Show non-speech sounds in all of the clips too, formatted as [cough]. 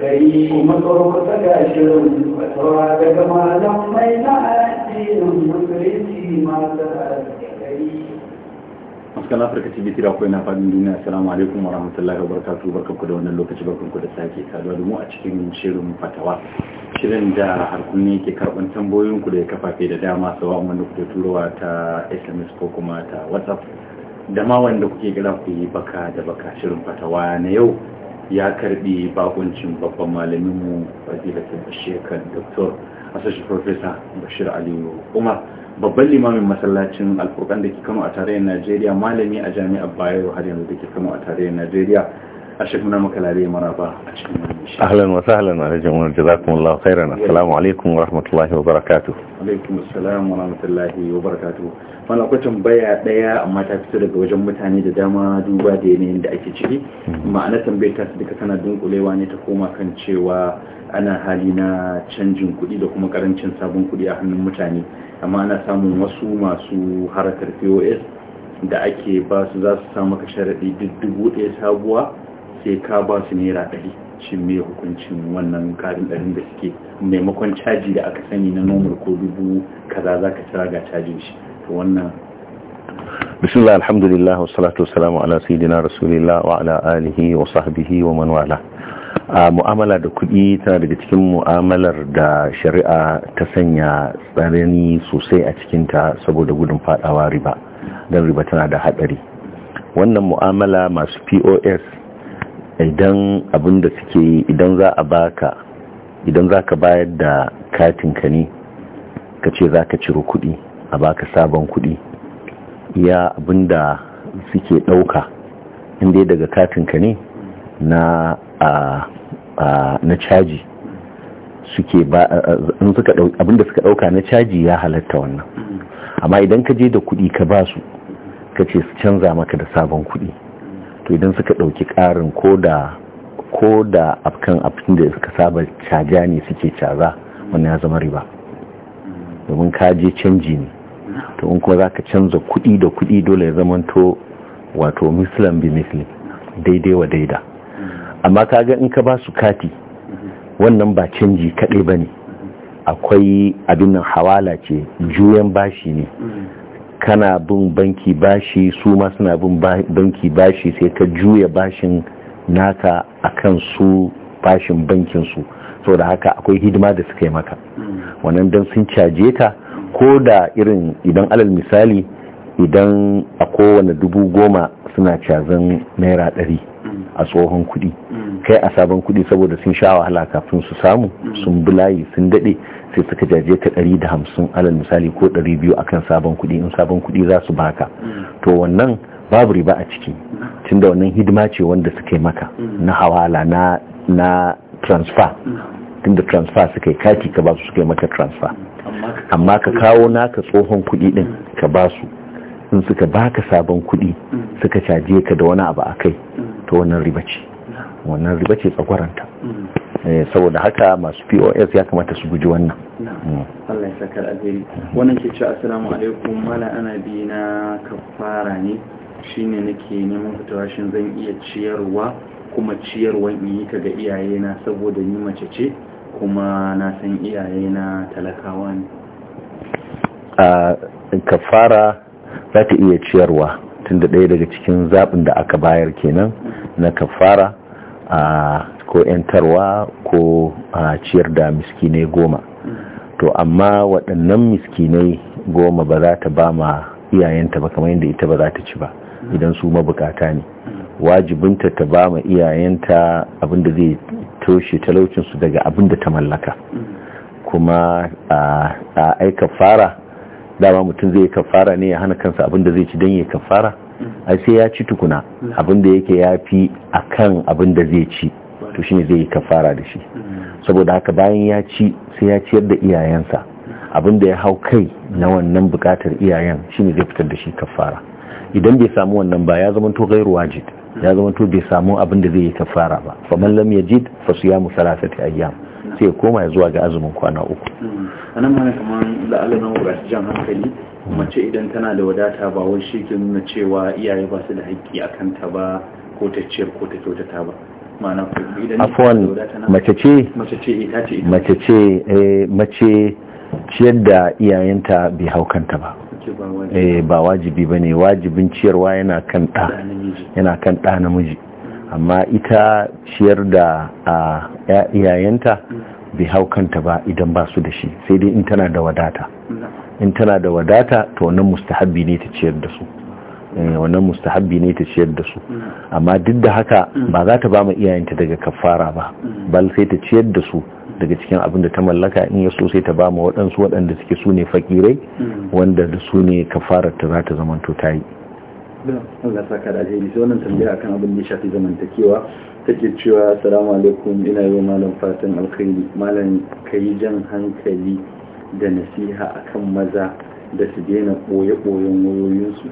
kai maɗaukaka shirin fatawa daga malam mai na addinin musulunci masu Maskan Afirka TV tira kuwa yana faɗin duniya Assalamu alaikum wa rahmatullahi wa barakatu barkanku da wannan lokaci ku da sake saduwa da mu a cikin shirin fatawa shirin da harkunni ke karɓar ku da ya kafafe da dama sawa'un wanda kuke turowa ta SMS ko kuma ta WhatsApp da ma wanda kuke gada ku yi baka da baka shirin fatawa na yau ya karbi bakuncin babban malaminmu fadilatul shekar doktor asashi professor bashir aliyu kuma babban limamin masallacin alfurkan da ke kano a tarayyar najeriya malami a jami'ar bayero har yanzu da ke kano a tarayyar najeriya الشيخ منا مكالاري مرابا أهلا وسهلا على جمهور جزاكم الله خيرا السلام عليكم ورحمة الله وبركاته عليكم السلام ورحمة الله وبركاته wani akwai tambaya daya amma ta fito daga wajen mutane da dama duba da yanayin da ake ciki mm-hmm. ma'ana tambayar ta duka tana dunkulewa ne ta koma kan cewa ana hali na canjin kuɗi da kuma karancin sabon kuɗi a hannun mutane amma ana samun wasu masu harakar pos da ake ba su za su samu kashe sharaɗi duk dubu ɗaya sabuwa sai ka ba su naira ɗari shi mai hukuncin wannan karin ɗarin da suke maimakon caji da aka sani na nomar ko dubu kaza za ka cira ga cajin shi to wannan bismillah alhamdulillah salatu wassalamu ala sayyidina rasulillah wa ala alihi wa sahbihi wa man a mu'amala da kuɗi tana daga cikin mu'amalar da shari'a ta sanya tsarani sosai a cikinta saboda gudun fadawa riba don riba tana da haɗari wannan mu'amala masu pos idan abin da suke yi idan za a baka idan za ka bayar da katinka ne ka ce za ka ciro kuɗi a baka sabon kuɗi ya abin da suke ɗauka inda daga katinka ne na na caji suke ba da suka ɗauka na caji ya halatta wannan amma idan ka je da kuɗi ka ba su ka ce su canza maka da sabon kuɗi to idan suka ɗauki ƙarin ko da afkan abin da suka saba caja ne suke caza wani ya zama riba domin kaje canji ne to in kuma za ka canza kuɗi da kuɗi dole ya zama to wato muslim bi muslim daidai wa daida amma kaga in ka ba su kati wannan ba canji kaɗai ba ne akwai abin nan hawala ce juyan bashi ne kana bin banki bashi su ma suna bin banki bashi sai ka juya bashin naka a kan su bashin bankin su da haka akwai hidima da suka yi maka wannan don sun caje ka ko da irin idan alal misali idan a kowane dubu goma suna cazan naira ɗari a tsohon kuɗi kai a sabon kuɗi saboda sun sha wahala kafin su samu sun bulayi sun daɗe sai suka jaje ka ɗari da hamsin alal misali ko ɗari biyu akan sabon kuɗi in sabon kuɗi za su baka to wannan babu riba a ciki tunda wannan hidima ce wanda suka yi maka na hawala na na transfer tunda transfer suka yi kati ka basu su suka yi maka transfer amma ka kawo naka tsohon kuɗi din ka basu in suka baka sabon kuɗi suka caje ka da wani abu a kai to wannan riba ce wannan riba ce tsagwaranta mm. eh, saboda haka masu pos ya kamata su guji wannan mm. Allah wannan ke cewa assalamu alaikum mala ana bi na kafara ne shine nake neman fitowa shin zan iya ciyarwa kuma ciyarwan in yi ka ga iyayena saboda ni mace ce kuma na san iyayena talakawa ne a ah, kafara za ta iya ciyarwa tunda ɗaya daga cikin zaɓin da aka bayar kenan na kafara ko 'yantarwa ko ciyar da miskinai goma to amma waɗannan miskinai goma ba za ta ba ma iyayenta ba kamar yadda ita ba za ta ci ba idan su ma mabukata ne wajibinta ta ba ma iyayenta abinda zai toshe talaucinsu daga abinda ta mallaka kuma a aika fara dama mutum zai kafara ne ya hana kansa abin da zai ci don ya kafara ai sai ya ci tukuna abin da yake ya fi a kan abin da zai ci to shine zai yi kafara da shi saboda haka bayan ya ci sai ya ciyar da iyayensa abin da ya hau kai na wannan bukatar iyayen shine zai fitar da shi kafara idan bai samu wannan ba ya zama to gairu wajib ya zama to bai samu abin da zai yi kafara ba fa faman lam yajid fa siyamu thalathati ayyam sai ya koma zuwa ga azumin kwana uku a nan mana kamar da alamun wurare jan hankali mace idan tana da wadata ba wai shi ke nuna cewa iyaye ba su da haƙƙi a kanta ba ko ta ciyar ko ta kyautata ba ma'ana idan ta mace ce mace ce eh, ita ce mace ce eh, mace ciyar da iyayenta bai hau kanta ba eh, ba wajibi ba ne wajibin ciyarwa yana kan ɗa yana kan ɗa namiji amma ita ciyar da ah, iyayenta mm. bai hau kanta ba idan ba su da shi sai dai in tana da wadata in tana da wadata to wannan mustahabbi ne ta ciyar da su eh, wannan mustahabbi ne ta ciyar da su amma duk da haka ba za ta ba mu iyayenta daga kafara ba bal sai ta ciyar da su daga cikin abin da ta mallaka in ya so sai ta ba mu waɗansu waɗanda suke su ne fakirai wanda da su ne kafarar ta za ta zamanto ta yi. Allah saka da alheri wannan tambaya akan abin da ya shafi zamantakewa take cewa assalamu alaikum ina yi malam fatan alkhairi malam kai jan hankali da nasiha akan maza da su daina ɓoye-ɓoyen wayoyinsu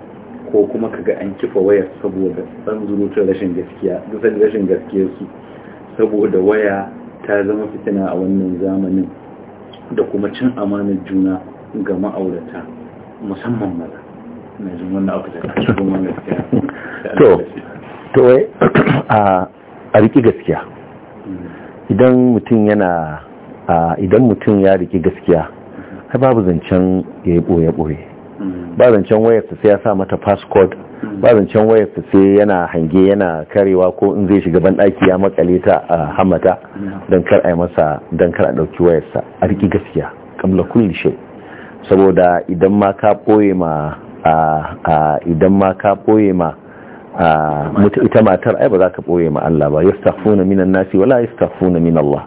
ko kuma kaga an kifa wayar saboda san zurutun rashin gaskiya dusar rashin su saboda waya ta zama fitina a wannan zamanin da kuma cin amanar juna ga ma'aurata musamman maza na jin wannan abu da ta cikin wannan gaskiya to to [coughs] a a riƙi gaskiya idan mutum yana idan mutum ya riƙi gaskiya ai babu zancen ya yi ɓoye-ɓoye ba zancen wayarsa sai ya sa mata passcode ba zancen wayarsa sai yana hange yana karewa ko in zai shiga ban ɗaki ya makale ta a hamata don kar a masa don kar a ɗauki wayarsa a riƙi gaskiya kamla kulli shi saboda idan ma ka ɓoye ma idan ma ka ɓoye ma mutu ita matar ai ba za ka ɓoye ma Allah ba yastaghfuna minan nasi wala yastaghfuna min Allah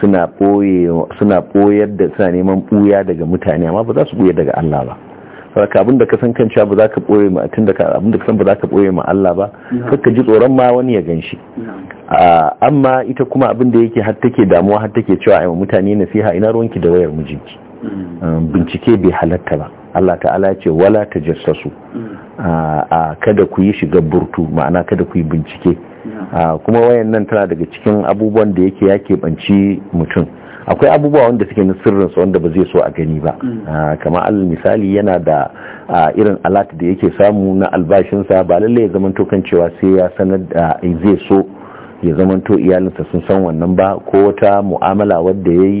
suna ɓoye suna ɓoyar da suna neman ɓuya daga mutane amma ba za su buya daga Allah ba saboda abin da ka san kan cewa ba za ka ɓoye ma tun da abin da ka san ba za ka ɓoye ma Allah ba ka ji tsoron ma wani ya gan shi amma ita kuma abin da yake har take damuwa har take cewa ai mutane nasiha ina ruwanki da wayar mijinki bincike bai halatta ba Allah ta'ala ce wala ta jassasu mm. ah, ah, kada ku yi shiga burtu ma'ana kada ku yi bincike ah, kuma wayannan tana daga cikin abubuwan da yake ya keɓanci mutum akwai abubuwa wanda suke na sirrinsa wanda ba zai so a gani ba mm. kamar alal misali yana da irin alat da yake samu na albashinsa ba lallai ya zamanto kan cewa sai ya sanar da eh, zai so ya zamanto iyalinsa sun san wannan ba ko wata mu'amala wadda ya yi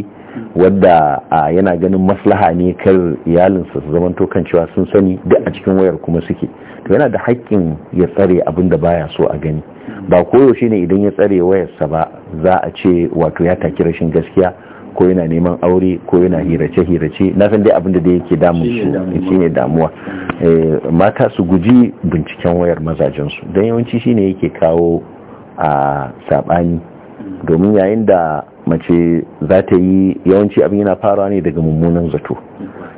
wadda a yana ganin maslaha ne kar iyalinsa su zamanto kan cewa sun sani da a cikin wayar kuma suke to yana da haƙƙin ya tsare abin da baya so a gani ba koyaushe ne idan ya tsare wayarsa ba za a ce wato ya taki rashin gaskiya ko yana neman aure ko yana hirace-hirace na san dai abin da dai yake damun su shi ne damuwa eh, mata su guji binciken wayar mazajen su dan yawanci shine yake kawo a saɓani domin yayin da mace za ta yi yawanci abin yana farawa ne daga mummunan zato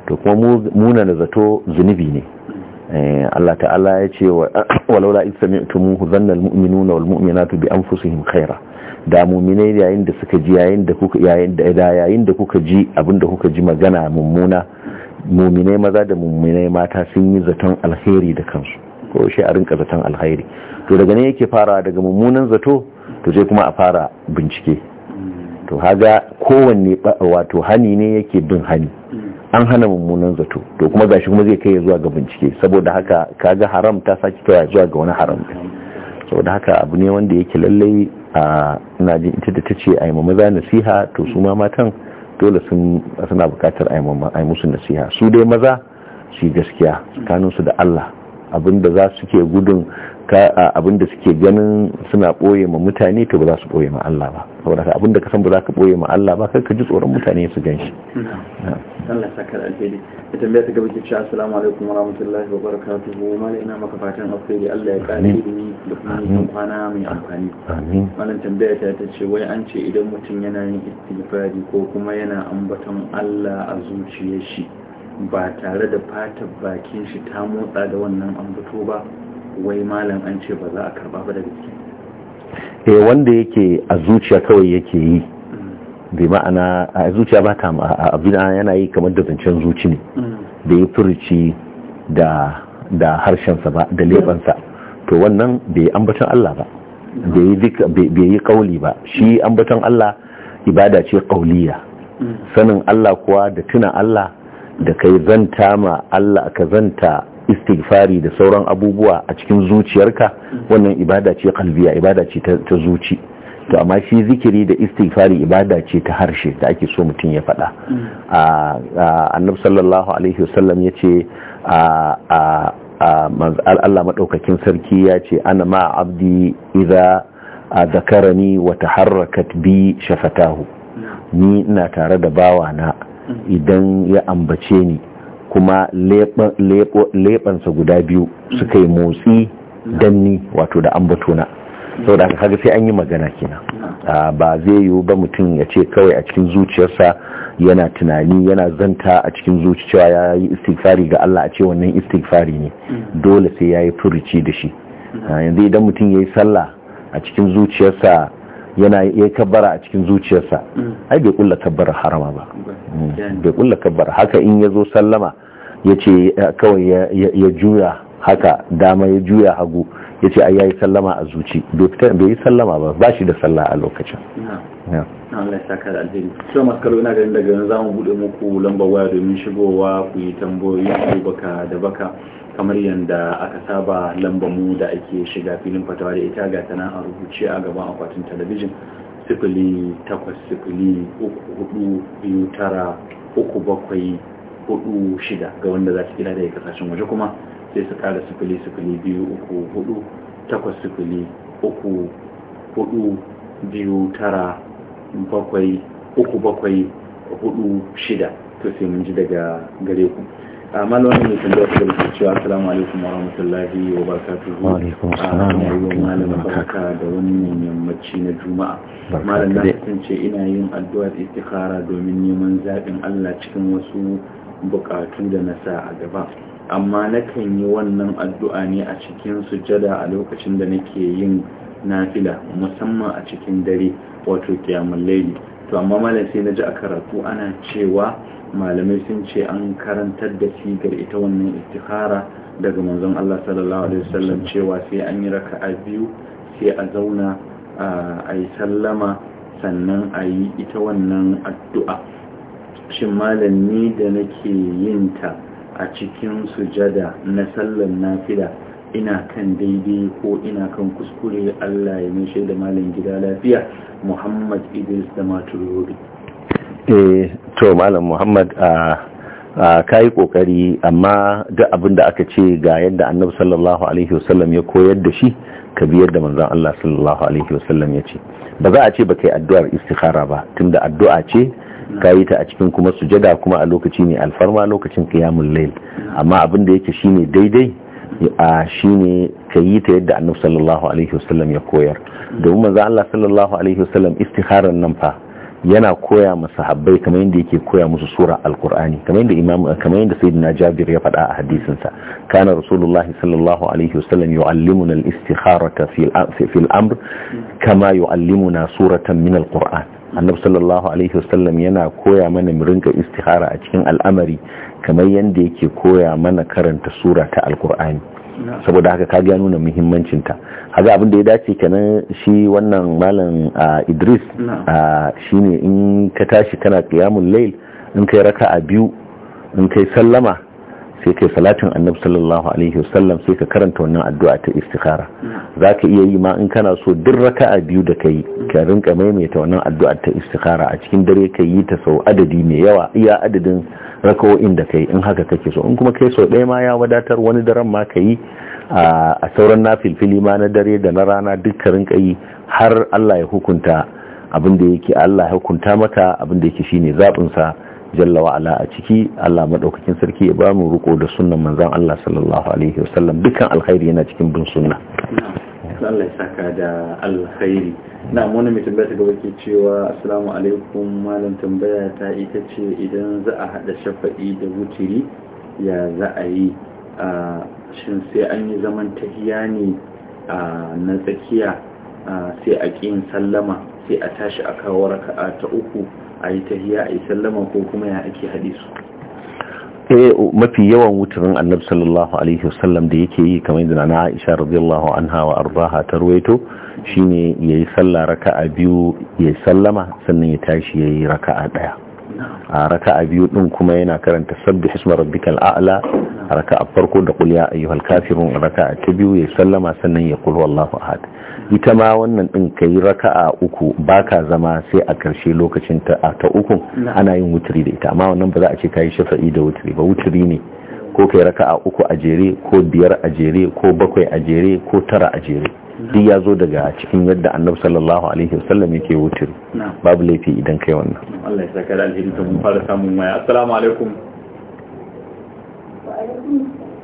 to kuma munana zato zunubi ne eh, Allah ta'ala ya ce wa [coughs] la isami sami'tum zanna almu'minuna walmu'minatu bi anfusihim khaira da mu'minai yayin da suka ji yayin da kuka yayin da yayin da kuka ji da kuka ji magana mummuna mu'minai maza da mu'minai mata sun yi zaton alheri da kansu ko shi a rinka zaton alheri to daga ne yake farawa daga mummunan zato to sai kuma a fara bincike to haga kowanne wato hani ne yake bin hani an hana mummunan zato to kuma gashi kuma zai kai zuwa ga bincike saboda haka kaga haram ta saki kawai zuwa ga wani haram saboda haka abu ne wanda yake lallai a ina jin ita da tace ai mu maza nasiha to su ma matan dole sun suna bukatar ai musu nasiha su dai maza shi gaskiya su da Allah abinda za su ke gudun abinda suke ganin suna ɓoye ma mutane to ba za su ɓoye ma Allah ba saboda ka abinda ka san ba za ka ɓoye ma Allah ba kai ka ji tsoron mutane su gan shi Allah saka da alheri da tambaya ta gaba ke cewa assalamu alaikum wa rahmatullahi wa barakatuhu mala ina maka fatan alheri Allah ya kare ni da kuma nisan kwana mai amfani wannan tambaya ta ta ce wai an ce idan mutum yana yin istighfari ko kuma yana ambaton Allah a zuciyar shi ba tare da fatar bakin shi ta motsa da wannan ambato ba wai malam an ce ba za a karba ba da biki eh wanda yake a zuciya kawai yake yi bi ma'ana a zuciya ba ta abin yana yi kamar da zancen zuci ne da mm. ya furci da da harshensa ba da lebansa to wannan bai ambaton Allah ba mm. bai yi kauli ba shi mm. ambaton Allah ibada ce kauliya sanin Allah kuwa da tuna Allah da kai zanta ma Allah ka zanta istighfari da sauran abubuwa a cikin zuciyarka wannan ibada ce kalbiya ibada ce ta zuci to amma shi zikiri da istighfari ibada ce ta harshe da ake so mutum ya faɗa mm. annab sallallahu alaihi wasallam ya ce Allah maɗaukakin sarki ya ce ana ma abdi idza zakarani wata taharrakat bi shafatahu mm. ni ina tare da bawana mm. idan ya ambace ni kuma lebansa guda biyu suka yi motsi danni wato da ambatona sau da kaga sai an yi magana kenan ba zai yiwu ba mutum ya ce kawai a cikin zuciyarsa yana tunani yana zanta a cikin zuciya ya yi istighfari ga Allah a ce wannan istighfari ne dole sai ya yi furuci da shi yanzu idan mutum ya yi sallah a cikin zuciyarsa yana ya kabbara a cikin zuciyarsa mm. ai bai kulla kabbara harama ba mm. Mm. bai kulla kabbara haka in ya zo sallama ya ce eh, kawai ya juya haka dama ya juya hagu ya ce ai ya yi sallama a zuci bai yi sallama ba ba shi da sallah a lokacin Allah ya saka alheri. Cewa maskaro ina ganin daga yanzu za mu buɗe muku lambar waya domin shigowa ku yi tambayoyi ko baka da baka. kamar yadda aka saba lambamu da ake shiga filin fatawa da ita ga tana a rubuce a gaban akwatin talabijin sifili takwas sifili uku hudu biyu tara uku bakwai hudu shida ga wanda za su kira da kasashen waje kuma sai su kara sifili sifili biyu uku hudu takwas sifili uku hudu biyu tara bakwai uku bakwai hudu shida to sai mun ji daga gare ku Wani mai tambayar su da cewa Salamu alaikum wa rahmatullahi wa barkatu wa alaikum ah, assalam wa rahmatullahi barka da wani yammaci na juma'a malam na kasance ina yin addu'ar istikhara domin neman zaɓin Allah cikin wasu bukatun da na sa a gaba amma nakan yi wannan addu'a ne a cikin sujada a lokacin da nake yin nafila musamman a cikin dare wato kiyamul laili to amma malam sai na ji a karatu ana cewa malamai sun ce an karantar da sigar ita wannan istikhara daga manzon Allah sallallahu alaihi wasallam cewa sai an yi raka'a biyu sai a zauna a yi sallama sannan a yi ita wannan addu'a shin malami da nake yin ta a cikin sujada na sallan nafila ina kan daidai ko ina kan kuskure Allah ya mai da malam gida lafiya Muhammad Idris da Maturori. Eh, to malam Muhammad a ka kokari amma duk abin da aka ce ga yadda annabi sallallahu alaihi wasallam ya koyar da shi ka biyar da manzon Allah sallallahu alaihi wasallam ya ce ba za a ce ba kai addu'ar istikhara ba tunda addu'a ce ka yi ta a cikin kuma sujada kuma a lokaci ne alfarma lokacin qiyamul lail. Mm. amma abin da yake shine daidai shi ne ka yi ta yadda annabi sallallahu alaihi wasallam ya koyar domin manzo Allah sallallahu alaihi wasallam istikharar nan fa yana koya masa sahabbai kamar yadda yake koya musu sura alkur'ani kamar yadda imam kamar yadda sayyidina jabir ya faɗa a hadisin sa kana rasulullah sallallahu alaihi wasallam yu'allimuna al-istikharata fi al-amr kama yu'allimuna suratan min alqur'an annabi sallallahu alaihi wasallam yana koya mana mu rinka istikhara a cikin al'amari kamar yadda yake koya mana karanta sura ta alkur'ani saboda haka ka gano nuna muhimmancinta haka abin da ya dace kenan shi wannan malam idris shine in ka tashi kana kiyamun lail in kai raka a biyu in kai sallama sai kai salatin annabi sallallahu alaihi wasallam sai ka karanta wannan addu'a ta istikhara zaka iya yi ma in kana so duk raka'a biyu da kai ka rinka maimaita wannan addu'a ta istikhara a cikin dare ka yi ta sau adadi mai yawa iya adadin raka'o'in da kai in haka kake so in kuma kai sau ɗaya ma ya wadatar wani daren ma ka yi a sauran nafilfili ma na dare da na rana duk ka rinka yi har Allah ya hukunta abin da yake Allah ya hukunta maka abin da yake shine zabin sa jalla wa'ala a ciki Allah maɗaukakin sarki ya ba mu riko da sunan manzan Allah sallallahu alaihi wasallam dukkan alkhairi yana cikin bin sunna Allah ya saka da alkhairi na wani mai tambaya ta gaba ke cewa assalamu alaikum malam tambaya ta ita ce idan za a hada shafa'i da wutiri ya za a yi shin sai an yi zaman tahiya ne na tsakiya sai a ƙin sallama sai a tashi a kawo raka'a ta uku a yi ko kuma ya eh, mafi yawan wuturin annabi sallallahu alaihi wasallam da yake yi kamar yadda na Aisha radiyallahu anha wa arbaha ta ruwaito shine yayi sallah raka'a biyu yayi sallama sannan ya tashi yayi raka'a daya a raka'a biyu din kuma yana karanta sabbi isma rabbikal a'la raka'a farko da qul ayyuhal kafirun raka'a ta biyu yayi sallama sannan ya qul wallahu ahad ita ma wannan ɗin ka yi raka'a uku ba ka zama sai a ƙarshe lokacin ta uku ana yin wuturi da ita amma wannan ba za a ce ka yi shafa'i da wuturi ba wuturi ne ko ka yi raka'a uku a jere ko biyar a jere ko bakwai a jere ko tara a jere duk ya zo daga cikin yadda annabi sallallahu alaihi wasallam yake wuturi babu laifi idan kai wannan Allah ya saka da alheri to mun fara samun waya assalamu alaikum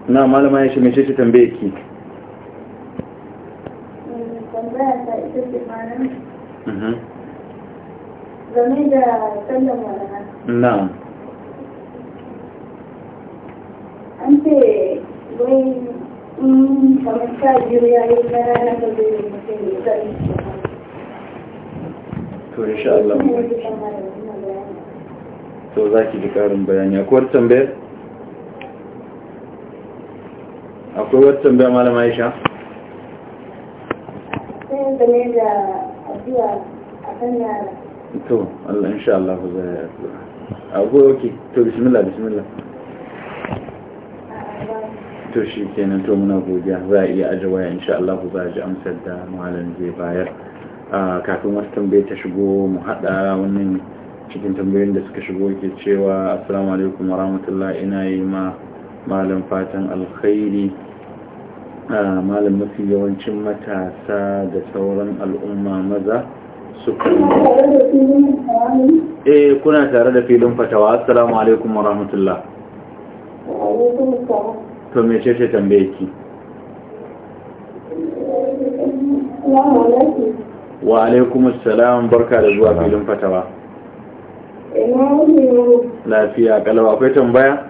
na malama ya shi mai shi tambaye ki tambaya ta ita ce malam mhm. game da sallan walha na'am an ce wai in kamar sha biyu ya yi na rana da zai yi mutum ya zai to insha Allah to za ki ji karin bayani akwai wata tambaya akwai wata tambaya malama Aisha dangane to Allah insha Allah zai to bismillah bismillah to shi kenan to muna godiya za a iya aji waya insha Allah za a amsar da malam zai bayar kafin wasu tambaye ta shigo mu hada wannan cikin tambayoyin da suka shigo ke cewa assalamu alaikum wa rahmatullah ina yi ma malam fatan alkhairi A malam mafi yawancin matasa da sauran al'umma maza su. kuma eh kuna tare da filin fatawa assalamu alaikum wa rahmatullah to me ce ce tambaye ki wa alaikum assalam barka da zuwa filin fatawa lafiya kalawa akwai tambaya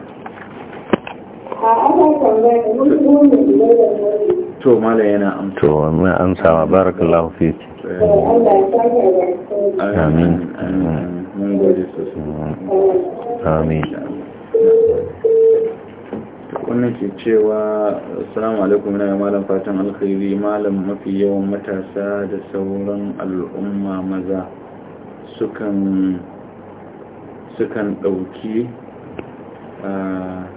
to mala yana amtowa mai amsawa barakallahu fiki amin amin wannan ke cewa assalamu alaikum ina malam fatan alkhairi malam mafi yawan matasa da sauran al'umma maza sukan sukan dauki ah,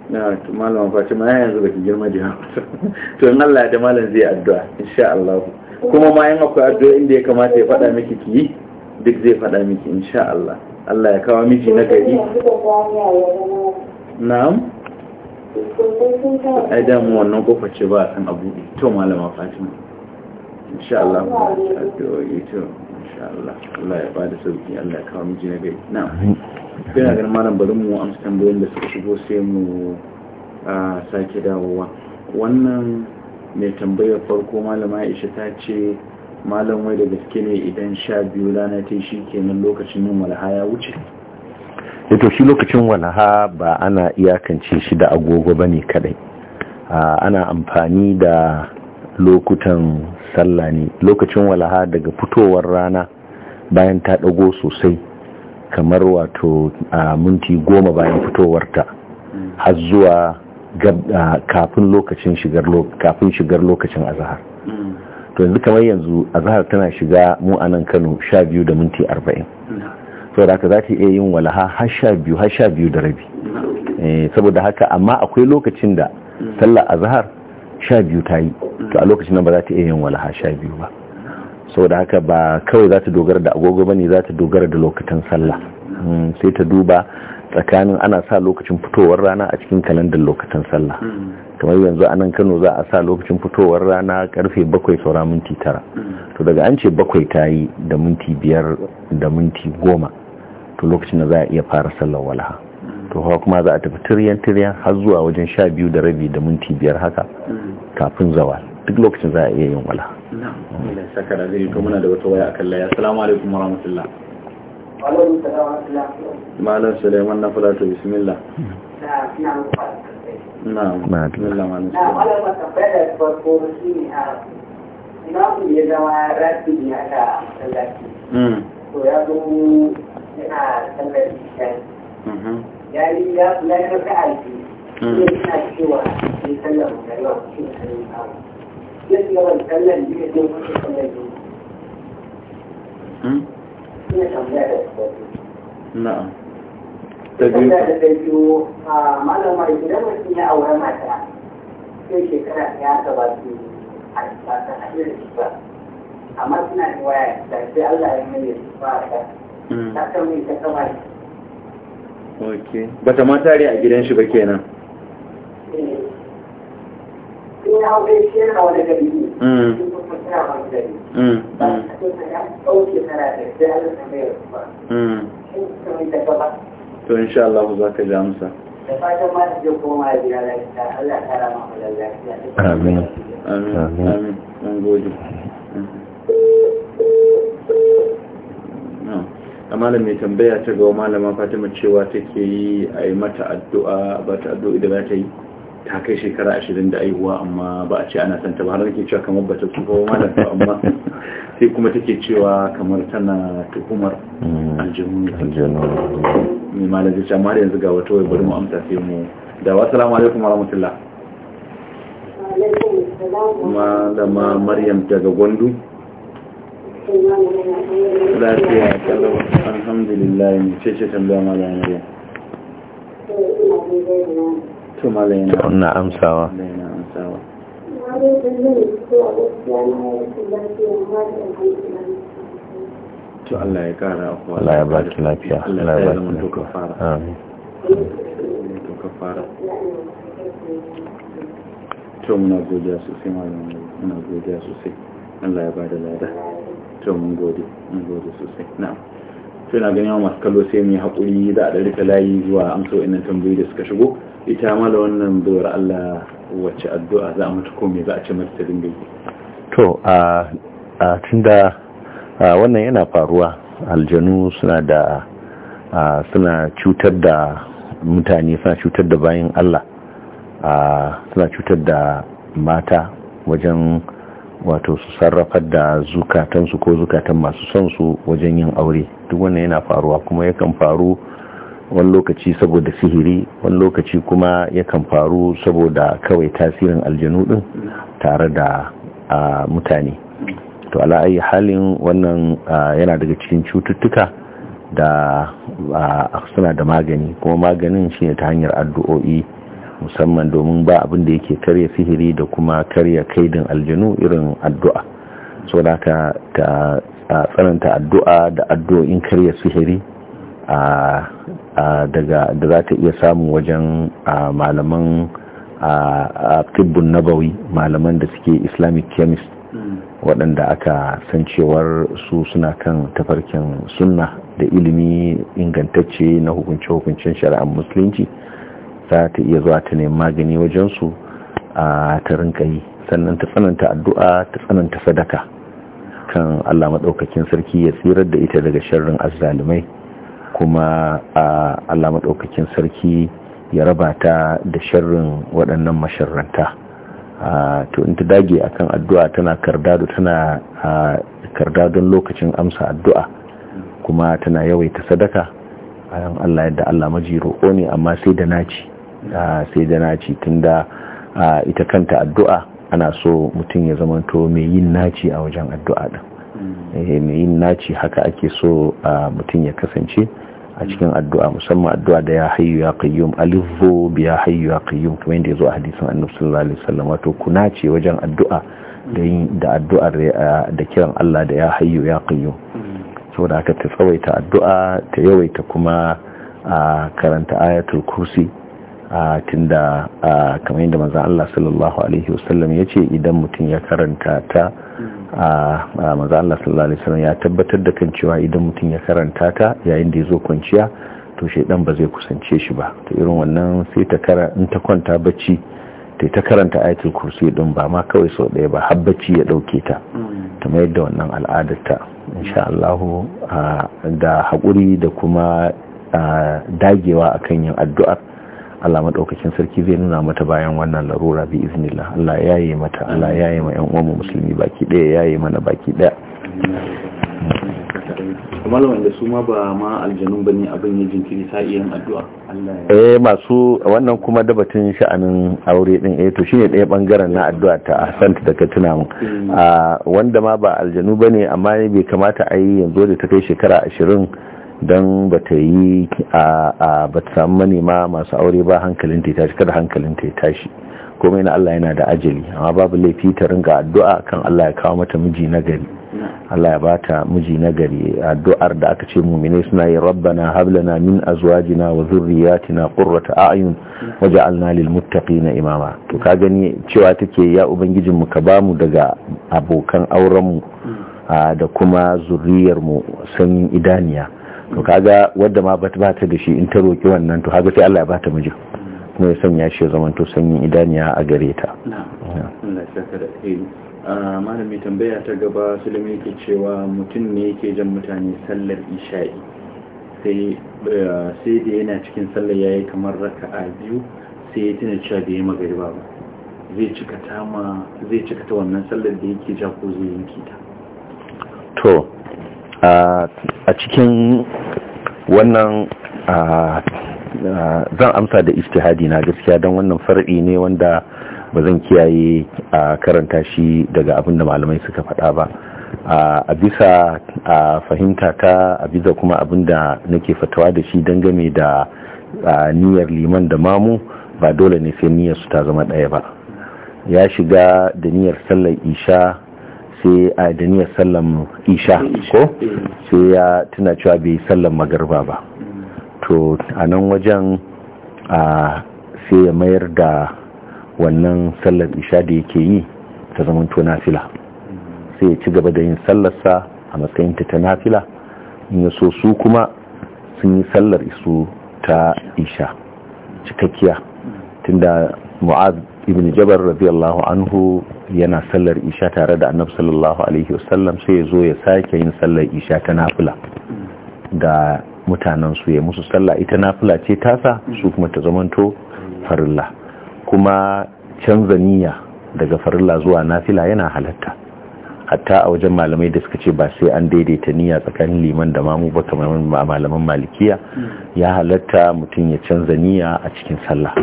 na malama Fatima ya yanzu baki girma da to Allah da malam zai addu'a insha Allah kuma ma yin akwai addu'a inda ya kamata ya faɗa miki ki yi duk zai faɗa miki insha Allah Allah ya kawo miji na gari na'am ai damu wannan kofa ce ba a san abu to malama fatima insha Allah ba ta addu'o'i to insha Allah Allah ya bada sauki Allah ya kawo miji na gari na'am yana ganin malam bari mu amsa tambayoyin da suka shigo sai mu sake dawowa wannan mai tambayar farko malama aisha ta ce malam wai da gaske ne idan sha biyu rana ta shi kenan lokacin yin walaha ya wuce eh to shi lokacin walaha ba ana iyakance shi da agogo ba ne kadai ana amfani da lokutan sallah ne lokacin walaha daga fitowar rana bayan ta dago sosai kamar wato a minti goma bayan fitowarta har zuwa kafin lokacin shigar kafin shigar lokacin azahar to yanzu kamar yanzu azahar tana shiga mu a nan kano sha biyu da minti arba'in da haka za ta iya yin walaha har sha biyu har sha biyu da rabi eh, saboda haka amma akwai lokacin da sallar azahar sha biyu ta yi to a lokacin nan ba za ta iya yin walaha sha biyu ba sau da haka ba kawai za ta dogara da agogo ba ne za ta dogara da lokacin sallah hmm, sai ta duba tsakanin ana sa lokacin fitowar rana a cikin kalandar lokacin sallah hmm. kamar yanzu a nan kano za a sa lokacin fitowar rana karfe bakwai saura minti tara hmm. to daga an ce bakwai ta yi da minti biyar da minti goma to lokacin da za a iya fara sallar walaha to hawa kuma za a tafi tiryan tiryan har zuwa wajen sha biyu da rabi da minti biyar haka kafin zawa duk lokacin za a iya yin walaha na saka da zai muna da wata waya akan laya. salamu alaikum wa rahmatullah. Malam Suleiman na Fulato bismillah. Na'am. Bismillah malam. Na'am, Allah da farko shi ne a imamu ya zama rafi ne ka sallaci. Hmm. To ya zo yana tallafi isha'i. Ya yi ya kula da raka'a ce. Hmm. Ina cewa sai sallar magariba shi ne Hmm? na'am ta biyu da ta biyu a malama idan mutum ya aure mata sai shekara ya gaba su a ba ta hanyar shi ba amma suna da waya da sai Allah ya mai su ba hmm. ta ta kan mai ta kama shi ok bata ma tare a gidan shi ba kenan eh. in yana wani gari kuma wani gari da to insha Allah za ka ji amsa da fatan ma Allah amin amin a malam mai tambaya ta ga malama fatima cewa take yi a yi mata addu'a ba ta addu'a da za ta yi ta kai shekara ashirin da aihuwa amma ba a ce ana santa ba har ke cewa kamar ba ta ba malam ba amma [laughs] sai kuma take cewa kamar tana tuhumar mm. aljanu mai malam zai yanzu ga wata wai bari mu amsa sai malama maryam daga gwandu lafiya alhamdulillah ne ce ce tambaya na amsawa to Allah ya kara ku Allah ya baki lafiya Allah ya baki lafiya amin to kafara to muna godiya sosai malamin muna godiya sosai Allah ya bada lada to mun gode mun gode sosai Na to ina ganin masu kallo sai mu yi hakuri da a rika layi zuwa amsa wa'annan tambayoyi da suka shigo ita ma da wannan dora Allah wacce addu'a za a ko me za a ce mata dinga yi to a tunda wannan yana faruwa aljanu suna da suna cutar da mutane suna cutar da bayan Allah suna cutar da mata wajen wato su sarrafa da zukatansu ko zukatan masu son su wajen yin aure duk wannan yana faruwa kuma yakan faru wani lokaci saboda sihiri wani lokaci kuma yakan faru saboda kawai tasirin aljanu din tare da mutane to ala'ayi halin wannan yana daga cikin cututtuka da suna da magani kuma maganin shi ta hanyar addu'o'i musamman domin ba abin da yake karya sihiri da kuma karya kaidin aljanu irin addu'a so da ka tsananta addu'a da addu'o'in karya sihiri a daga da za ta iya samun wajen malaman a tibbun nabawi malaman da suke islamic chemist hmm. waɗanda aka san cewar su suna kan tafarkin sunna da ilimi ingantacce na hukunce-hukuncen shari'ar musulunci za ta iya zuwa ta nemi magani wajensu a ta rinkayi sannan ta tsananta addu'a ta tsananta sadaka kan allah maɗaukakin sarki ya tsirar da ita daga sharrin azzalumai kuma a Allah ɗaukakin sarki ya raba ta da sharrin waɗannan masharranta to in ta dage akan addu'a tana kardado tana kardadon lokacin amsa addu'a kuma tana yawaita sadaka ayan Allah yadda Allah maji ne amma sai da naci sai da naci tunda ita kanta addu'a ana so mutum ya zamanto mai yin naci a wajen addu'a din Eh, yin naci haka ake so a mutum ya kasance a cikin addu'a musamman addu'a da ya hayu ya qayyum alifu bi ya ya qayyum kamar yadda yazo a hadisin annabi sallallahu alaihi wasallam wato kuna ce wajen addu'a da da addu'ar eh, da kiran Allah da ya hayu ya qayyum saboda haka ta tsawaita addu'a ta yawaita kuma a karanta ayatul kursi tunda kamar yadda manzan Allah sallallahu alaihi wasallam ya ce idan mutum ya karanta ta manzan Allah sallallahu alaihi wasallam ya tabbatar da kan cewa idan mutum ya karanta ta yayin da ya zo kwanciya to ɗan ba zai kusance shi ba ta irin wannan sai ta kara in ta kwanta bacci ta ta karanta ayatul kursi din ba ma kawai sau ɗaya ba har bacci ya ɗauke ta ta mayar da wannan al'adarta insha Allah da haƙuri da kuma dagewa akan yin addu'ar Allah madaukakin sarki zai nuna mata bayan wannan larura bi iznillah Allah ya yi mata Allah ya yi ma ƴan uwan musulmi baki daya ya yi mana baki daya malaman da su ma ba ma aljanun bane abin ya jinkiri ta iya addu'a Allah ya eh masu wannan kuma da batun sha'anin aure din eh to shine ɗaya bangaren na addu'a ta ahsan ta daga tuna mu hmm. ah, wanda ma ba aljanu bane amma bai kamata a yi yanzu da ta kai shekara ashirin don ba ta yi a ba ta samu manema masu aure ba hankalin ta tashi kada hankalin ta tashi komai na Allah yana da ajali amma babu laifi ta ringa addu'a kan Allah ya kawo mata miji nagari Allah ya bata miji nagari addu'ar da aka ce mumine suna yi rabbana hablana min azwajina wa zurriyatina qurrata a'yun waj'alna lil na imama to ka gani cewa take ya ubangijin mu ka bamu daga abokan auren mu da kuma zuriyar mu sanyin idaniya to kaga wadda ma bata bata da shi in ta roki wannan to haka sai Allah ya bata miji kuma ya sanya shi zaman to sanyin idaniya a gare ta ah, malami tambaya ta gaba sulemi yake cewa mutum ne yake jan mutane sallar isha'i sai ah, da yana cikin sallar ya yi kamar raka a biyu sai ya tuna cewa da ya magariba ba zai cika ta wannan sallar da yake ja ko zai yanki ta to a cikin wannan zan amsa da istihadi na gaskiya don wannan far'i ne wanda ba zan kiyaye a karanta shi daga abin da malamai suka faɗa ba a bisa a fahimta ta a bisa kuma abin da nake fatawa da shi game da niyyar liman da mamu ba dole ne sai niyyar su ta zama ɗaya ba ya shiga da niyyar sallar isha sai a sallar sallan isha ko sai ya tuna cewa bai sallan magarba ba to a nan wajen a sai ya mayar da wannan sallar isha da yake yi ta zaman to nafila sai ya ci gaba da yin sallarsa a matsayin ta nafila in ya so su kuma sun yi sallar isu ta isha cikakkiya tunda mu'az ibn jabar radiyallahu anhu yana sallar isha tare da annabi sallallahu alaihi wasallam sai ya zo ya sake yin sallar isha ta nafila da mutanen su ya musu sallah ita nafila ce tasa su kuma ta zamanto farilla kuma canza niyya daga farilla zuwa nafila yana halatta hatta a wajen malamai da suka ce ba sai an daidaita niyya tsakanin liman da mamu ba kamar malaman malikiya ya halatta mutum ya canza niyya a cikin sallah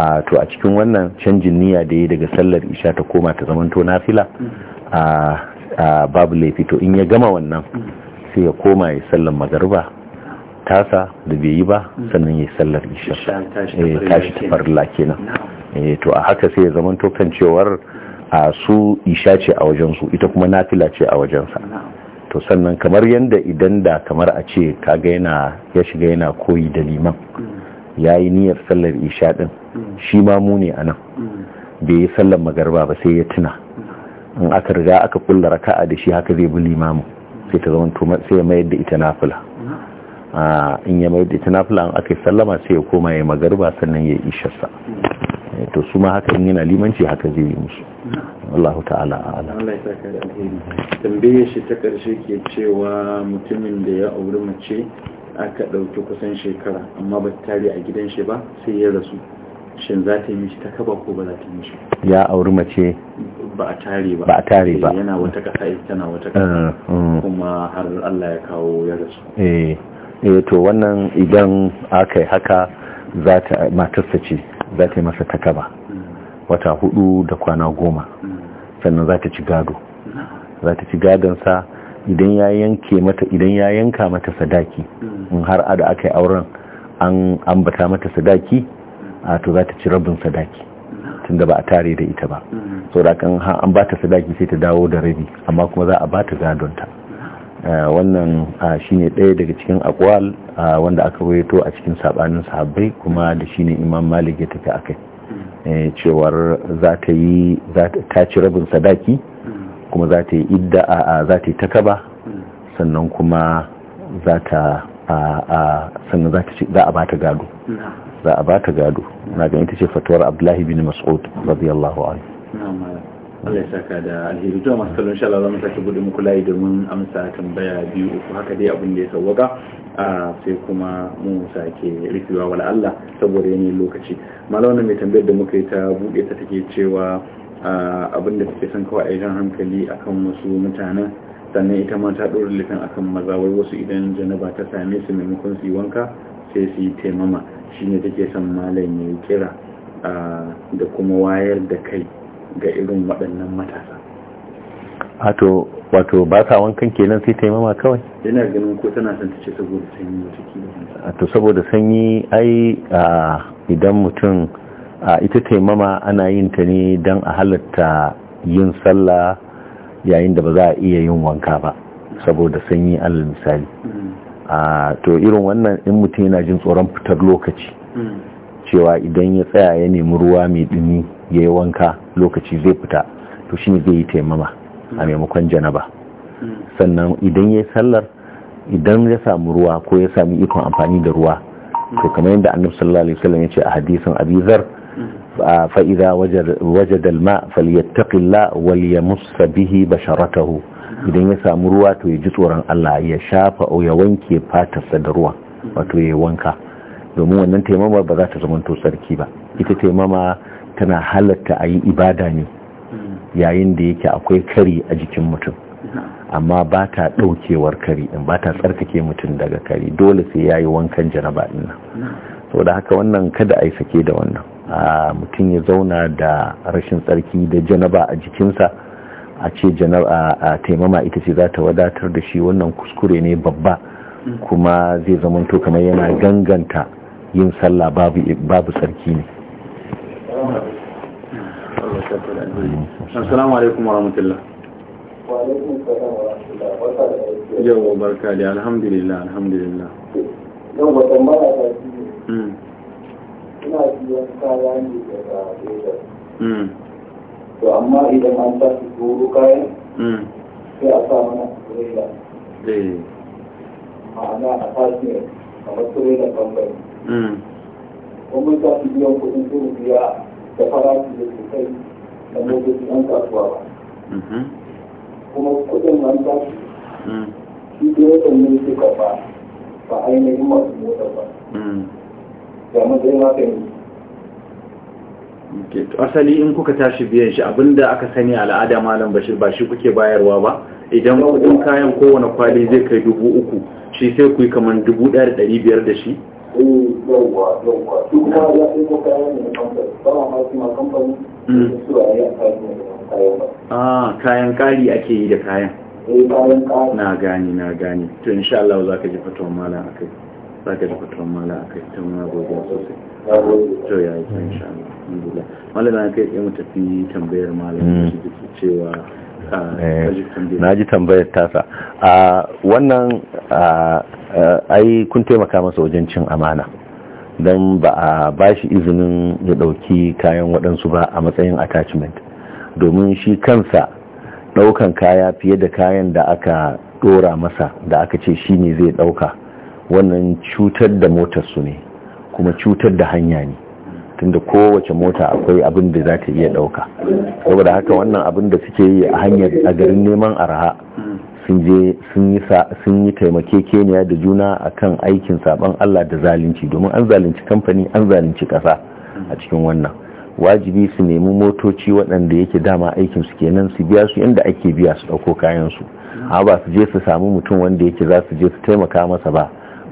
a to a cikin wannan canjin niyya da ya daga sallar isha ta koma ta zamanto nafila a babu laifi to in ya gama wannan sai ya koma ya sallar magariba tasa da bai yi ba sannan ya sallar isha tashi ta eh, farla kenan eh, to a haka sai ya zamanto kan cewar a su isha ce a wajensu ita kuma nafila ce a wajensa to sannan kamar yadda idan da kamar a ce kaga yana ya shiga yana koyi da liman mm. ya yi niyyar sallar isha ɗin shi ma mu a nan bai yi sallar magarba ba sai ya tuna in aka riga aka kulla raka'a da shi haka zai bi limamu sai ta zama sai ya mayar da ita nafila in ya mayar da ita nafila an aka yi sallama sai ya koma ya magarba sannan ya isha sa eh, to su ma haka in yana limanci haka zai yi musu Allahu ta'ala ala Allah ya saka da alheri shi ta karshe ke cewa mutumin da ya auri mace aka ɗauki kusan shekara amma ba ta tare a gidan shi ba sai ya rasu shin za ta yi mishi ta kaba ko ba za ta yi mishi ya auri mace ba a tare ba ba a tare ba yana wata kasa ita tana wata kasa mm, mm. kuma har Allah ya kawo ya rasu eh eh to wannan idan aka yi haka za ta matarsa ce za ta yi masa takaba mm. wata hudu da kwana goma sannan za ta ci gado za ta ci gadon sa. idan ya yanke mata idan ya yanka mata sadaki mm. in har ada aka yi auren an ambata mata sadaki a to za ta ci rabin sadaki tunda ba a tare da ita ba mm. so da kan an bata sadaki sai ta dawo da rabi amma kuma za a bata gadonta mm. eh, wannan shine ɗaya daga cikin akwal wanda aka wayato a cikin sabanin sahabbai kuma da shine imam malik ya tafi akai eh, cewar za ta yi ta ci rabin sadaki kuma za ta yi idda a za ta yi takaba sannan kuma za ta a sannan za ta ce za a ta gado za a ta gado na ganin ta ce fatuwar abdullahi bin mas'ud radiyallahu anhu Allah ya saka da alheri to masu kallon shalala za mu sake buɗe muku layi domin amsa tambaya biyu uku haka dai abin da ya sauwaka sai kuma mu sake rufewa wala Allah saboda yanayin lokaci malama mai tambayar da muka yi ta buɗe ta take cewa abinda suke son kawai a jan hankali akan wasu mutane sannan ita ma ta ɗora lifin akan maza wai wasu idan janaba ta same su maimakon su yi wanka sai su yi taimama shi shine take son malam ya yi kira da kuma wayar da kai ga irin waɗannan matasa wato wato ba ka wankan kenan sai taimama kawai yana ganin ko tana son ta ce saboda sanyi wata kila to saboda sanyi ai idan mutum a ita taimama ana yin ta ne don a halatta yin sallah yayin da ba za a iya yin wanka ba saboda sanyi alal misali a to irin wannan in mutum yana jin tsoron fitar lokaci cewa idan ya tsaya ya nemi ruwa mai dumi ya yi wanka lokaci zai fita to shine zai yi taimama a maimakon janaba sannan idan ya yi sallar idan ya samu ruwa ko ya sami ikon amfani da ruwa to kamar yadda annabi sallallahu alaihi wasallam ya ce a hadisin abizar fa'iza وجد ma فليتق wal yamussa به بشرته idan ya samu ruwa to ya ji tsoron Allah ya shafa o ya wanke fatarsa da ruwa wato ya wanka domin wannan taimama ba za ta zama to sarki ba ita taimama tana halatta a yi ibada ne yayin da yake akwai kari a jikin mutum amma ba ta ɗaukewar kari in ba ta tsarkake mutum daga kari dole sai ya yi wankan jaraba ɗin nan da haka wannan kada a yi sake da wannan mutum ya zauna da rashin tsarki da janaba a jikinsa a ce a taimama ita ce za ta wadatar da shi wannan kuskure ne babba kuma zai to kamar yana ganganta yin sallah babu tsarki ne assalamu alaikum wa rahmatullah yau barka da alhamdulillah alhamdulillah yau ba tambaya ta suna biyan kaya ne daga Lagos. Hmm. To amma idan an sa su goro kayan hmm. sai a sa mana turela. Eh. Ma'ana a tasiyar kamar turela kamfani. Kuma sa su biyan kuɗin turu biya da farashi da ke kai da motoci an kasuwa ba. Hmm. Kuma kuɗin an sa su shi da yakan ne su ba ba ainihin masu motar ba. asali in kuka tashi biyan shi abinda aka sani al'ada malam bashir ba shi kuke bayarwa ba idan kudin kayan kowane kwali zai kai dubu uku shi sai ku yi kamar dubu ɗaya ɗari biyar da shi kayan ƙari ake yi da kayan eh, na gani na gani to insha Allah za ka ji fatawa malam akai sake mala a kai ta muna sosai to ya yi ta malala kai tsaye mu tafi tambayar da hmm. cewa ah, eh, na ji tambayar tasa a ah, wannan ah, ai kun taimaka masa wajen cin amana don ba a ba shi izinin ya ɗauki kayan waɗansu ba a matsayin attachment domin shi kansa ɗaukan kaya fiye da kayan da aka ɗora masa da aka ce shi ne zai ɗauka wannan cutar da su ne kuma cutar da hanya ne tunda kowace mota akwai abin da za ta iya ɗauka saboda haka wannan abin da suke yi a hanyar a garin neman araha sun je sun yi taimakekeniya da juna akan aikin saban Allah da zalunci domin an zalunci kamfani an zalunci kasa a cikin wannan wajibi su nemi motoci waɗanda yake dama aikin su kenan su biya su inda ake biya su ɗauko kayansu su amma ba su je su samu mutum wanda yake za su je su taimaka masa ba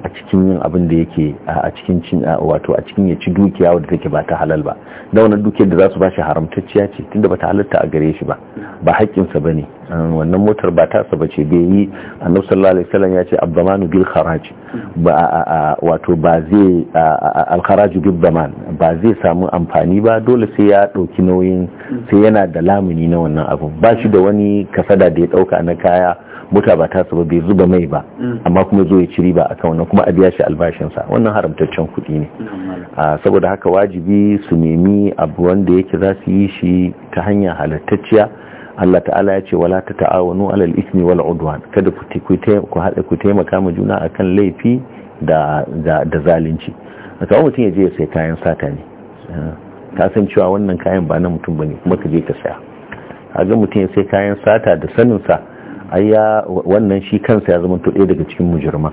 a cikin yin abin da yake a cikin cin wato a cikin ya ci dukiya wadda take ba ta halal ba da wannan dukiyar da za su ba haramtacciya ce tunda ba ta halatta a gare shi ba ba haƙƙinsa ba ne wannan motar ba ta sa bace bai yi annabi sallallahu alaihi wasallam ya ce abdamanu bil kharaj ba wato ba zai al kharaj bil daman ba zai samu amfani ba dole sai ya dauki nauyin sai yana da lamuni na wannan abu ba shi da wani kasada da ya dauka na kaya mota ba ta sa bai zuba mai ba mm. amma kuma zo ya ciri ba akan wannan kuma a biya shi albashinsa wannan haramtaccen kuɗi ne saboda haka wajibi su nemi abu wanda yake za su yi shi ta hanyar halattacciya Allah ta'ala ya ce wala ta alal ismi wal udwan kada ku haɗa ku taimaka ma juna akan laifi da da zalunci kawai mutum ya je ya sai kayan sata ne ka san cewa wannan kayan ba na mutum bane kuma ka je ka saya ga mutum ya sai kayan sata da saninsa ai ya wannan shi kansa ya zama to ɗaya daga cikin mujirman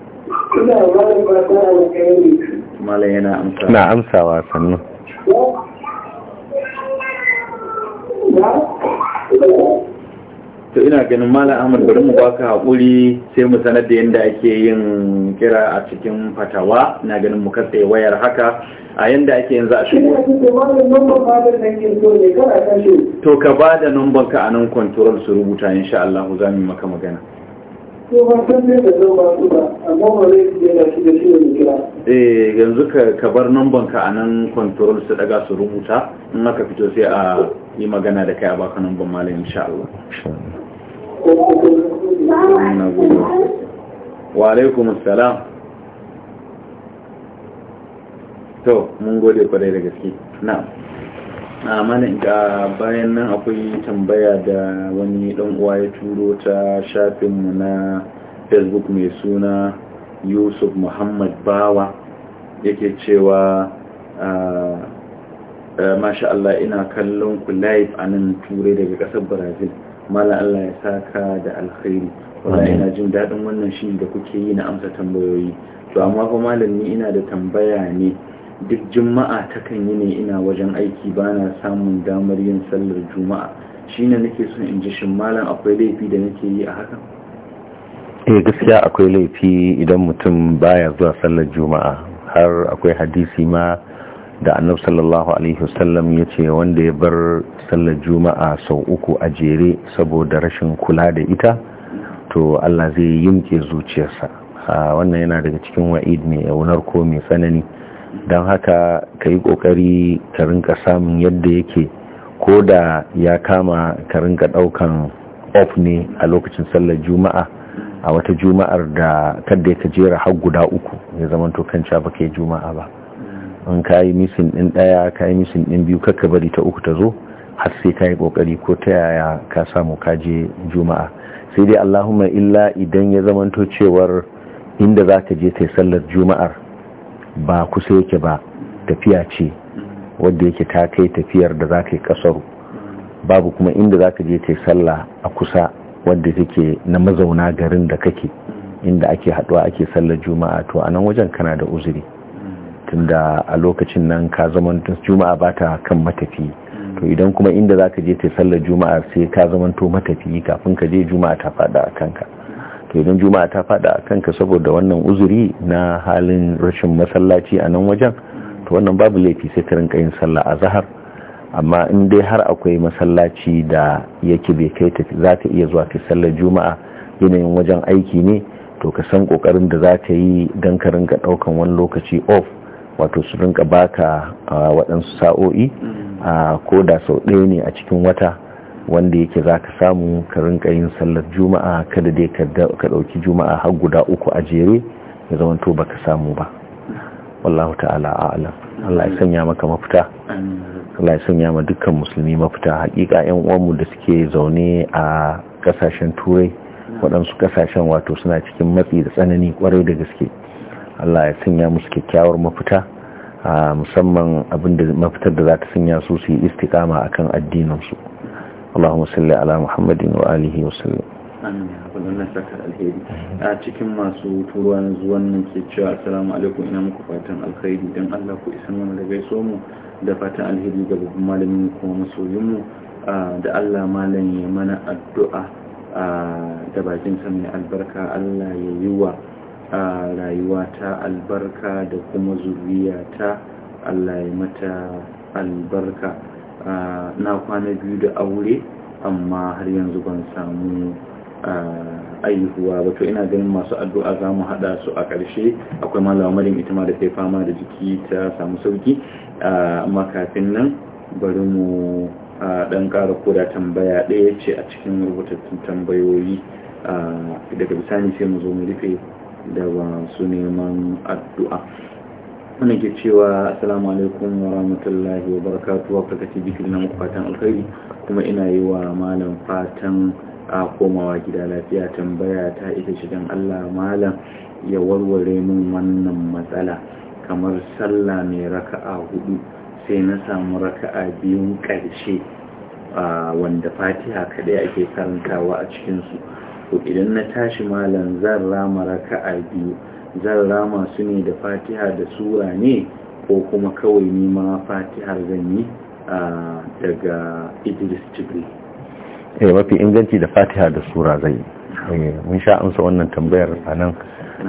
Na amsawa sannu. To ina ganin Mala Ahmad bari mu baka haƙuri sai mu sanar da yadda ake yin kira a cikin fatawa na ganin mu ya wayar haka a yadda ake za a To ka ba da numbanka a nan kwantoral su rubuta insha Allah za mu maka magana. eh yanzu ka bar numban ka a nan control su daga su rubuta in aka fito sai a yi magana da kai a baka numban malam insha Allah wa alaikum assalam to mun gode kwarai da gaske na'am a ga bayan nan akwai tambaya da wani dan uwa ya turo ta shafinmu na facebook mai suna yusuf muhammad bawa yake cewa ah, eh, masha Allah ina kallon ku live a nan turai daga kasar brazil mala Allah ya saka da alkhairi wanda ina jin daɗin wannan shi da kuke yi na amsa tambayoyi to amma kuma malam ni ina da tambaya ne duk juma'a takan yi ne ina wajen aiki ba na samun damar yin sallar juma'a shi ne nake son in ji malam akwai laifi da nake yi a hakan eh gaskiya akwai laifi idan mutum baya zuwa sallar juma'a har akwai hadisi ma da annab sallallahu alaihi wasallam ya ce wanda ya bar sallar juma'a sau uku a jere saboda rashin kula da ita to allah zai yimke zuciyarsa ah, wannan yana daga cikin wa'id mai yaunar ko mai tsanani don haka ka yi ƙoƙari ka rinka samun yadda yake ko da ya kama ka rinka ɗaukan off ne a lokacin sallar juma'a a wata juma'ar da kadda ya jera har guda uku ya zama to kan ba kai juma'a ba in ka yi misin ɗin ɗaya ka yi misin ɗin biyu kakka bari ta uku ta zo har sai ka yi ƙoƙari ko ta yaya ka samu ka je juma'a sai dai allahumma illa idan ya zamanto cewar inda za ka je ta sallar juma'ar ba kusa yake ba tafiya ce wadda yake ta kai tafiyar da za ka yi kasaru babu kuma inda za ka je yi sallah a kusa wadda take na mazauna garin da kake inda ake haduwa ake sallar juma'a to a nan wajen kana da uzuri tunda a lokacin nan ka tun juma'a ba ta kan matafi to idan kuma inda za ka je ta sallar juma'a sai ka zamanto matafi kafin ka je juma'a ta faɗi a kanka to idan juma'a ta fada kanka saboda wannan uzuri na halin rashin masallaci a nan wajen to wannan babu laifi sai ta rinka yin sallah a zahar amma in dai har akwai masallaci da yake bai kai ta za ta iya zuwa ta sallar juma'a yanayin wajen aiki ne to ka san kokarin da za ta yi don ka rinka daukan wani lokaci off wato su rinka baka ah, waɗansu sa'o'i mm. ah, ko da sau ɗaya ne a cikin wata wanda yake za ka samu ka rinka yin sallar juma'a kada dai ka ɗauki juma'a har guda uku a jere ya zama to baka samu ba wallahu ta'ala a'lam Allah ya sanya maka mafita Allah ya sanya ma dukkan musulmi mafita hakika yan uwanmu da suke zaune a ƙasashen turai waɗansu ƙasashen wato suna cikin matsi da tsanani kwarai da gaske Allah ya sanya musu kyakkyawar mafita musamman abin da mafitar da za ta sanya su su yi istiqama akan addininsu Allahumma salli ala Muhammadin wa alihi wa sallam amin ya alheri a cikin masu turuwa yanzu wannan ke cewa assalamu alaikum ina muku fatan alkhairi dan Allah ku isa mana da gaiso mu da fatan alheri ga babban malamin kuma masoyin mu da Allah malam ya mana addu'a da bakin sa mai albarka Allah ya yi wa rayuwata albarka da kuma zuriyata Allah ya mata albarka na kwana biyu da aure amma har yanzu ban samu aihuwa ba to ina ganin masu addu'a za mu hada su a ƙarshe akwai malama lamarin ita ma da ta fama da jiki ta samu sauki amma kafin nan bari mu dan ƙara koda tambaya ɗaya ce a cikin rubutattun tambayoyi daga bisani sai mu zo mu rufe da wasu neman addu'a wani ke cewa assalamu alaikum wa rahmatullahi wa barakatu wa kakaci jikin na fatan alkhairi kuma ina yi wa malam fatan a komawa gida lafiya tambaya ta ita shi dan Allah malam ya warware min wannan matsala kamar sallah mai raka'a hudu sai na samu raka'a biyun karshe wanda fatiha kaɗai ake karantawa a cikinsu to idan na tashi malam zan rama raka'a biyu zan rama su ne da fatiha da sura ne ko kuma kawai ma fatihar zan yi daga idris jibril eh mafi inganci da fatiha da sura zai yi eh, mun sha amsa wannan tambayar a nan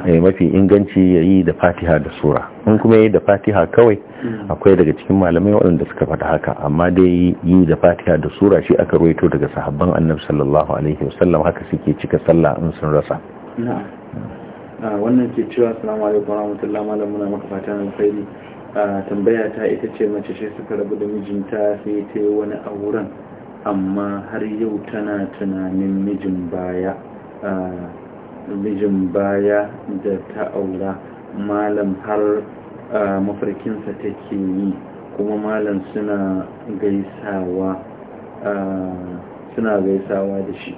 eh, mafi inganci ya yi da fatiha da sura in kuma yi da fatiha kawai mm. akwai daga cikin malamai waɗanda suka faɗa haka amma dai yi da fatiha da sura shi aka ruwaito daga sahabban annabi sallallahu alaihi wasallam haka suke cika sallah in sun rasa wannan ke cewa salamu alaikum warahmatullahi malam muna maka fata nan tambaya ta ita ce mace ce suka rabu da mijinta sai ta yi wani auren amma har yau tana tunanin mijin baya mijin baya da ta aura malam har mafarkinsa take yi kuma malam suna gaisawa suna gaisawa da shi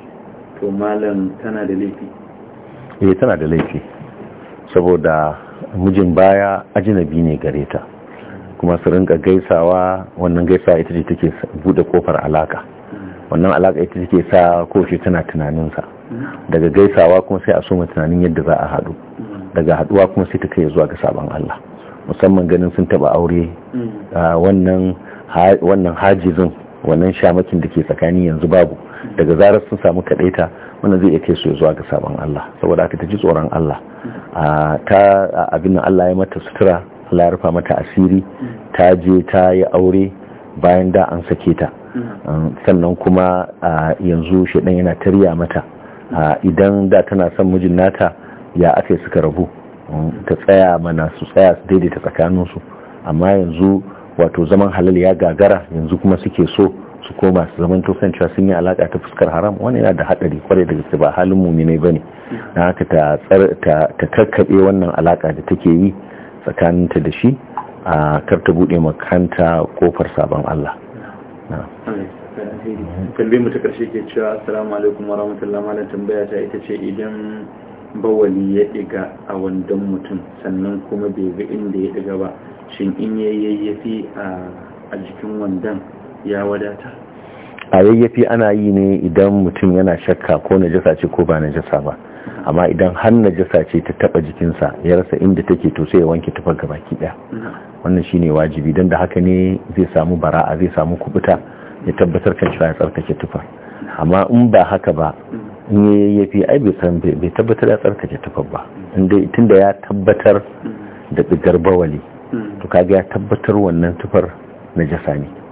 to malam tana da laifi eh tana da laifi saboda mijin baya ajinabi ne gare ta kuma su rinka gaisawa wannan gaisawa ita ce take bude kofar alaka wannan alaka ita take sa kofi tana tunaninsa daga gaisawa kuma sai a soma tunanin yadda za a haɗu daga haɗuwa kuma sai ta kai zuwa ga sabon Allah musamman ganin sun taba aure mm. ah, wannan hajizin wannan shamakin da ke tsakani yanzu babu daga zarar sun samu kaɗaita wanda zai iya kai su zuwa ga sabon Allah saboda aka ta ji tsoron Allah ta abin Allah ya mata sutura Allah ya rufa mata asiri ta je ta yi aure bayan da an sake ta sannan kuma yanzu shedan yana tarya mata idan da tana son mijin nata ya aka suka rabu ta tsaya mana su tsaya su daidaita tsakaninsu amma yanzu wato zaman halal ya gagara yanzu kuma suke so su koma su zaman tosan cewa sun yi alaka ta fuskar haram wani yana da haɗari kwarai da gaske ba halin ba bane na haka ta ta wannan alaka da take yi tsakaninta da shi a kar ta bude makanta kofar sabon Allah kalbe mu ta karshe ke cewa assalamu alaikum wa rahmatullahi malam tambaya ta ita ce idan bawali ya ɗiga a wandon mutum sannan kuma bai ga inda ya ɗiga ba shin in yayyafi a jikin wandon ya wadata a yayyafi ana yi ne idan mutum yana shakka ko na jasa ce ko ba na jasa ba amma idan har jasa ce ta taba jikinsa ya rasa inda take to sai ya wanke tufar gaba ki daya wannan shine wajibi dan da haka ne zai samu bara'a zai samu kubuta ya tabbatar kan cewa ya tsarkake tufar amma in ba haka ba mm. in yayyafi ai bai san bai tabbatar ya tsarkake tufar ba mm. tunda ya tabbatar mm. da tsigar bawali to kaga ya tabbatar wannan tufar na jasa ne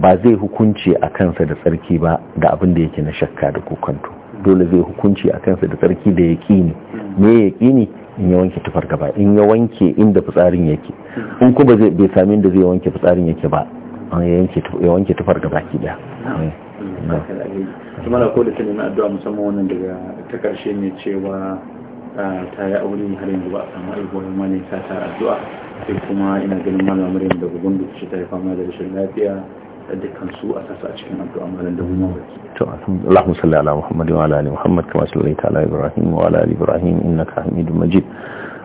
ba zai hukunci a kansa da tsarki ba da abin da yake na shakka da kokonto dole zai hukunci a kansa da tsarki da yaƙini me yaƙini in ya wanke tufar gaba in ya wanke inda fitsarin yake in kuma zai bai sami inda zai wanke fitsarin yake ba ya wanke tufar gaba ki eh, da kuma da kodin sanin addu'a musamman wannan daga ta karshe ne cewa ah, ta yi aure har yanzu ba a samu aibuwa ma ne ta ta addu'a sai kuma ina ganin malamar yadda gugun da ta yi fama da rashin lafiya dukkan su a sasa a cikin addu'a malam da mu baki to Allahumma salli ala Muhammad wa ala ali Muhammad kama sallaita ala Ibrahim wa ala ali Ibrahim innaka hamidu Majid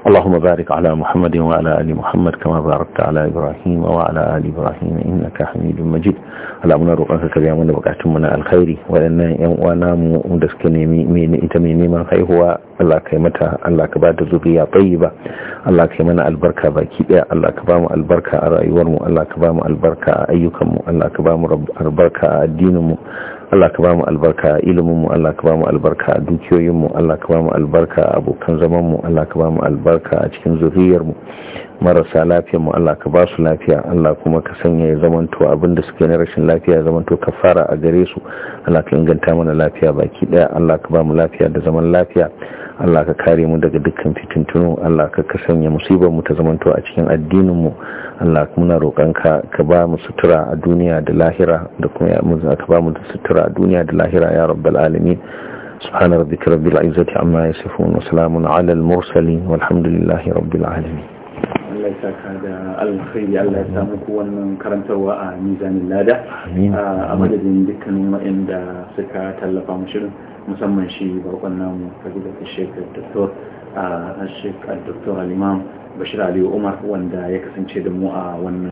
اللهم بارك على محمد وعلى آل محمد كما باركت على إبراهيم وعلى آل إبراهيم إنك حميد مجيد اللهم نرقاك كبيرا من بقاتمنا الخير وأن يوانا مدسكني من إتميني من خير هو Allah kai mata Allah ka bada zuriya tayyiba Allah kai mana albarka baki daya Allah ka bamu albarka a rayuwar mu Allah ka albarka a ayyukan mu Allah albarka a addinin mu Allah ka ba mu albarka ilimin mu Allah ka ba mu albarka a dukiyoyin mu Allah ka ba mu albarka a abokan zaman mu Allah ka ba mu albarka a cikin zuriyar mu marasa lafiya mu Allah ka ba su lafiya Allah kuma ka sanya ya zamanto abin da suke na rashin lafiya ya ka fara a gare su Allah ka inganta mana lafiya baki daya Allah ka ba mu lafiya da zaman lafiya Allah ka kare mu daga dukkan fitintunu Allah ka ka sanya musibar mu ta zamanto a cikin addinin mu Allah muna roƙonka ka ba mu sutura a duniya da lahira da kuma mu ka ba mu sutura a duniya da lahira ya rabbal alamin سبحان ربك رب العزة عما يصفون وسلام على المرسلين والحمد لله رب Allah ya saka da alkhairi Allah ya sa muku wannan karantarwa a mizanin lada a madadin dukkanin waɗanda suka tallafa mu shirin musamman shi bakon namu fadilatul shekar doktor a shekar doktor al'imam Bashir Aliyu Umar wanda ya kasance da mu a wannan